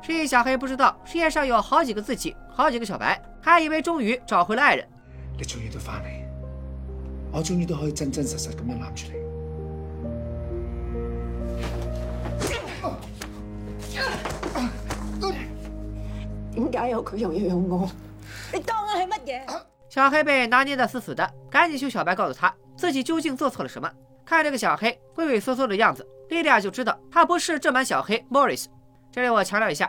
示意小黑不知道世界上有好幾個自己，好幾個小白，還以為終於找回了愛人。你終於都翻嚟，我終於都可以真真實實咁樣攬住你了。點解又佢又要用我？你當我係乜嘢？小黑被拿捏得死死的，趕緊求小白告訴他自己究竟做錯了什麼。看這個小黑畏畏縮縮的樣子，莉莉婭就知道他不是正版小黑 Morris。這裏我強調一下。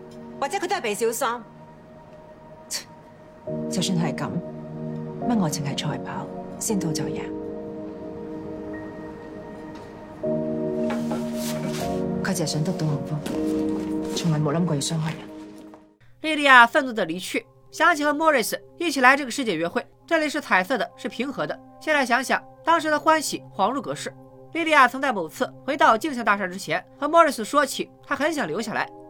或者佢都係被小三。就算係咁，乜愛情係賽跑，先到就贏。佢淨係想得到幸福，從來冇諗過要傷害人。莉莉亞憤怒的離去，想起和莫里斯一起來這個世界約會，這裏是彩色的，是平和的。現在想想當時的歡喜，恍如隔世。莉莉亞曾在某次回到鏡像大廈之前，和莫里斯說起，她很想留下來。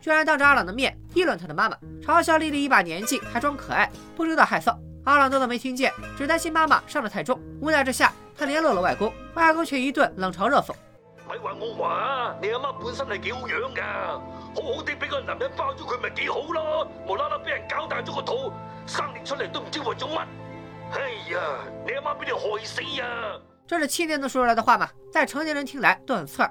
居然當着阿朗的面議論他的媽媽，嘲笑麗麗一把年紀還裝可愛，不知道害臊。阿朗都作沒聽見，只擔心媽媽傷得太重。無奈之下，他聯絡了外公，外公卻一頓冷嘲熱諷：“咪話我話你阿媽本身係幾好樣噶，好好地俾個男人包住佢咪幾好咯，無啦啦俾人搞大咗個肚，生裂出嚟都唔知為做乜。哎呀，你阿媽俾你害死呀、啊！”這是青年能說出來的話嗎？在成年人聽來斷很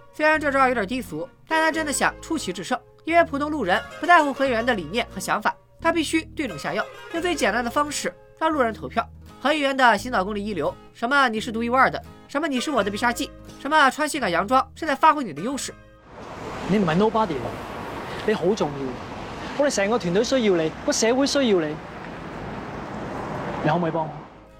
雖然這招有點低俗，但他真的想出奇制勝，因為普通路人不在乎何議員的理念和想法，他必須對症下藥，用最簡單的方式讓路人投票。何議員的洗腦功力一流，什麼你是獨一無二的，什麼你是我的必殺技，什麼穿性感洋裝是在發揮你的優勢。你唔係 nobody，你好重要，我哋成個團隊需要你，個社會需要你，你可唔可以幫我？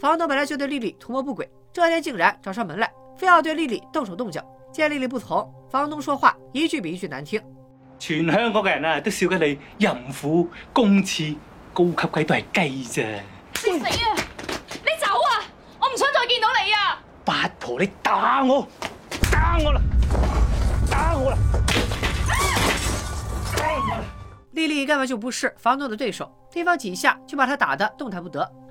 房東本來就對麗麗圖謀不軌，這天竟然找上門來，非要對麗麗動手動腳。見麗麗不從，房東說話一句比一句難聽。全香港嘅人啊，都笑嘅你淫婦，公廁高級雞都係雞啫。「你死啊！你走啊！我唔想再見到你啊！」八婆，你打我！打我啦！打我啦！麗麗、啊哎、呀根本就不是房東的對手，對方幾下就把她打得動彈不得。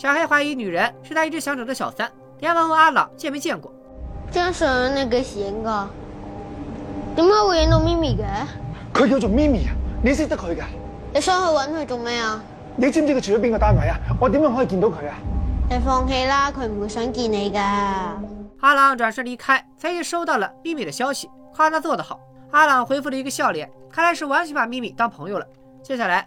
小黑懷疑女人是他一直想找的小三，連忙問阿朗見沒見過。張相你幾時影噶？點解會影到咪咪嘅？佢叫做咪咪，你識得佢噶？你想去搵佢做咩啊？你知唔知佢住咗邊個單位啊？我點樣可以見到佢啊？你放棄啦，佢唔會想見你噶。阿朗轉身離開，隨即收到了咪咪的消息，誇他做得好。阿朗回覆了一個笑臉，看來是完全把咪咪當朋友了。接下來。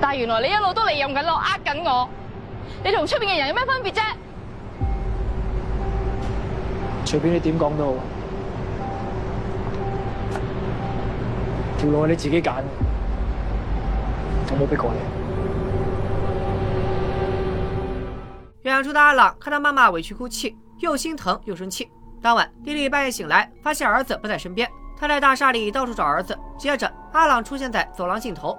但原來你一路都利用緊我，呃緊我，你同出邊嘅人有咩分別啫？隨便你點講都好，條路你自己揀，我冇逼過你。遠處的阿朗看到媽媽委屈哭泣，又心疼又生氣。當晚，麗麗半夜醒來，發現兒子不在身邊，他在大廈裏到處找兒子，接着阿朗出現在走廊盡頭。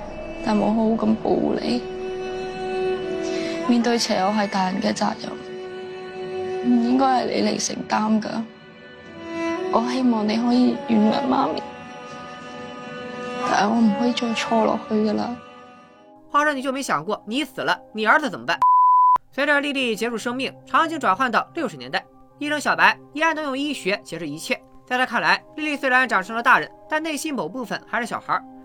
但冇好好咁保護你，面對邪惡係大人嘅責任，唔應該係你嚟承擔噶。我希望你可以原諒媽咪，但係我唔可以再錯落去噶啦。話說，你就沒想過你死了，你兒子怎麼辦？隨着麗麗結束生命，場景轉換到六十年代，醫生小白依然能用醫學解釋一切。在他看來，麗麗雖然長成了大人，但內心某部分還是小孩。